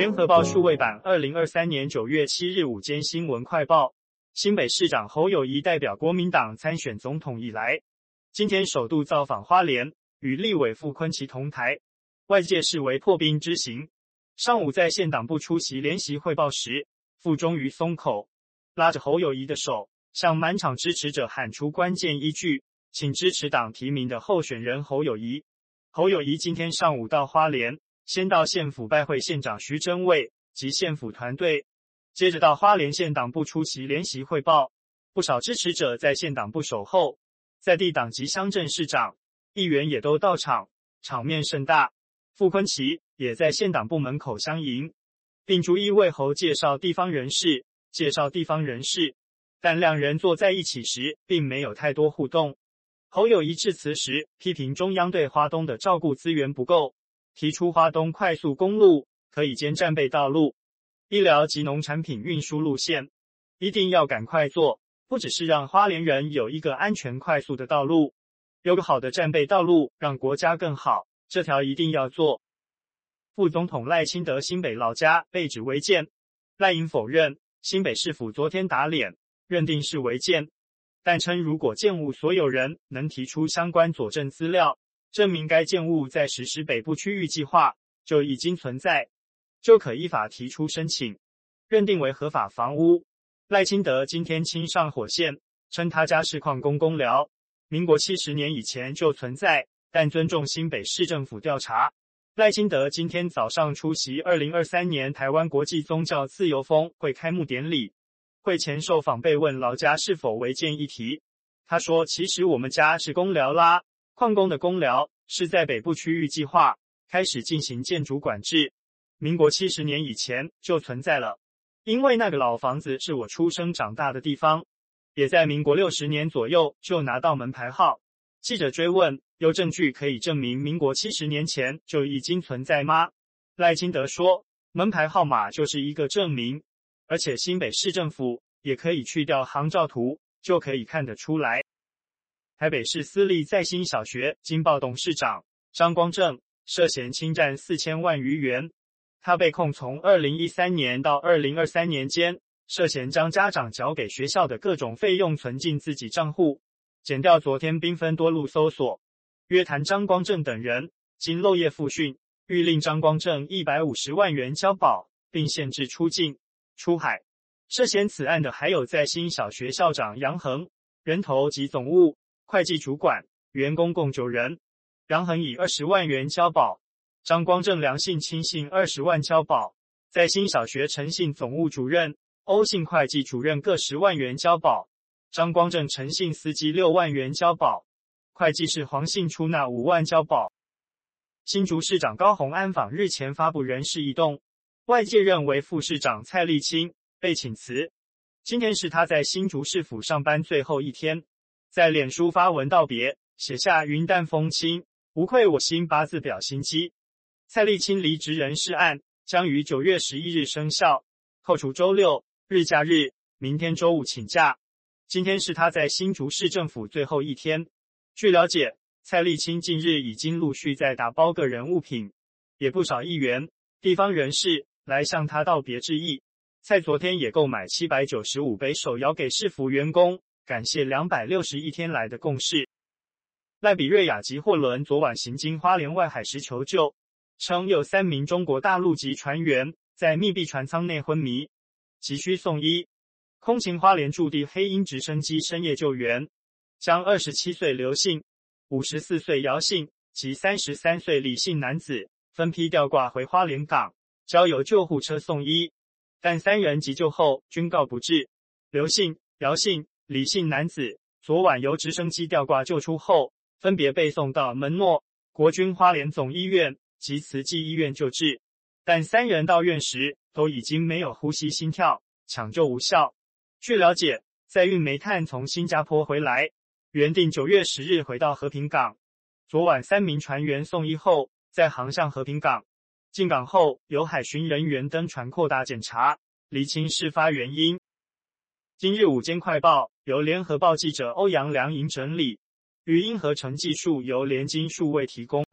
聯合報數位版二零二三年九月七日午間新聞快報：新北市長侯友宜代表國民黨參選總統以來，今天首度造訪花蓮，與立委傅崐萁同台，外界視為破冰之行。上午在縣黨部出席聯席匯報時，傅終於鬆口，拉着侯友宜的手，向滿場支持者喊出關鍵一句：“請支持黨提名的候選人侯友宜。”侯友宜今天上午到花蓮。先到縣府拜會縣長徐榛蔚及縣府團隊，接着到花蓮縣黨部出席聯席匯報。不少支持者在縣黨部守候，在地黨及鄉鎮市長、議員也都到場，場面盛大。傅崐萁也在縣黨部門口相迎，並逐一為侯介紹地方人士。介紹地方人士，但兩人坐在一起時並沒有太多互動。侯友宜致辭時批評中央對花東的照顧資源不夠。提出花東快速公路可以兼戰備道路、醫療及農產品運輸路線，一定要趕快做。不只是讓花蓮人有一個安全快速的道路，有個好的戰備道路，讓國家更好，這條一定要做。副總統賴清德新北老家被指違建，賴營否認，新北市府昨天打臉，認定是違建，但稱如果建物所有人能提出相關佐證資料。證明該建物在實施北部區域計劃就已經存在，就可依法提出申請，認定為合法房屋。賴清德今天親上火線，稱他家是礦工工寮，民國七十年以前就存在，但尊重新北市政府調查。賴清德今天早上出席二零二三年台灣國際宗教自由峰會開幕典禮，會前受訪被問老家是否違建議題，他說：“其實我們家是工寮啦。”礦工的工寮是在北部區域計劃開始進行建築管制，民國七十年以前就存在了。因為那個老房子是我出生長大的地方，也在民國六十年左右就拿到門牌號。記者追問：有證據可以證明民國七十年前就已經存在嗎？賴清德說：門牌號碼就是一個證明，而且新北市政府也可以去掉航照圖，就可以看得出來。台北市私立再興小學驚爆董事長張光正涉嫌侵占四千萬餘元，他被控從二零一三年到二零二三年間，涉嫌將家長交給學校的各種費用存進自己賬戶檢調昨天兵分多路搜索，約談張光正等人，經漏夜複訊，諭令張光正一百五十萬元交保，並限制出境出海。涉嫌此案的還有再興小學校長楊恆人頭及總務會計主管員工共九人，楊恆以二十萬元交保，張光正梁姓親信二十萬交保，在新小學陳姓總務主任歐姓會計主任各十萬元交保，張光正陳姓司機六萬元交保，會計室黃姓出納五萬交保。新竹市長高虹安訪日前發布人事異動，外界認為副市長蔡麗清被請辭，今天是他在新竹市府上班最後一天。在臉書發文道別，寫下雲淡風輕，無愧我心八字表心機。蔡麗清離職人事案將於九月十一日生效，扣除周六日假日，明天周五請假。今天是他在新竹市政府最後一天。據了解，蔡麗清近日已經陸續在打包個人物品，也不少議員、地方人士來向他道別致意。蔡昨天也購買七百九十五杯手搖給市府員工。感謝兩百六十一天來的共事。賴比瑞亞籍貨輪昨晚行經花蓮外海時求救，稱有三名中國大陸籍船員在密閉船艙內昏迷，急需送醫。空勤花蓮駐地黑鷹直升機深夜救援，將二十七歲劉姓、五十四歲姚姓及三十三歲李姓男子分批吊掛回花蓮港，交由救護車送醫。但三人急救後均告不治，劉姓、姚姓、李姓男子昨晚由直升機吊掛救出後，分別被送到門諾國軍花蓮總醫院及慈濟醫院救治，但三人到院時都已經沒有呼吸、心跳，搶救無效。據了解，載運煤炭從新加坡回來，原定九月十日回到和平港，昨晚三名船員送醫後，再航向和平港，進港後由海巡人員登船擴大檢查，釐清事發原因。今日午間快報由聯合報記者歐陽良瑩整理，語音合成技術由聯經數位提供。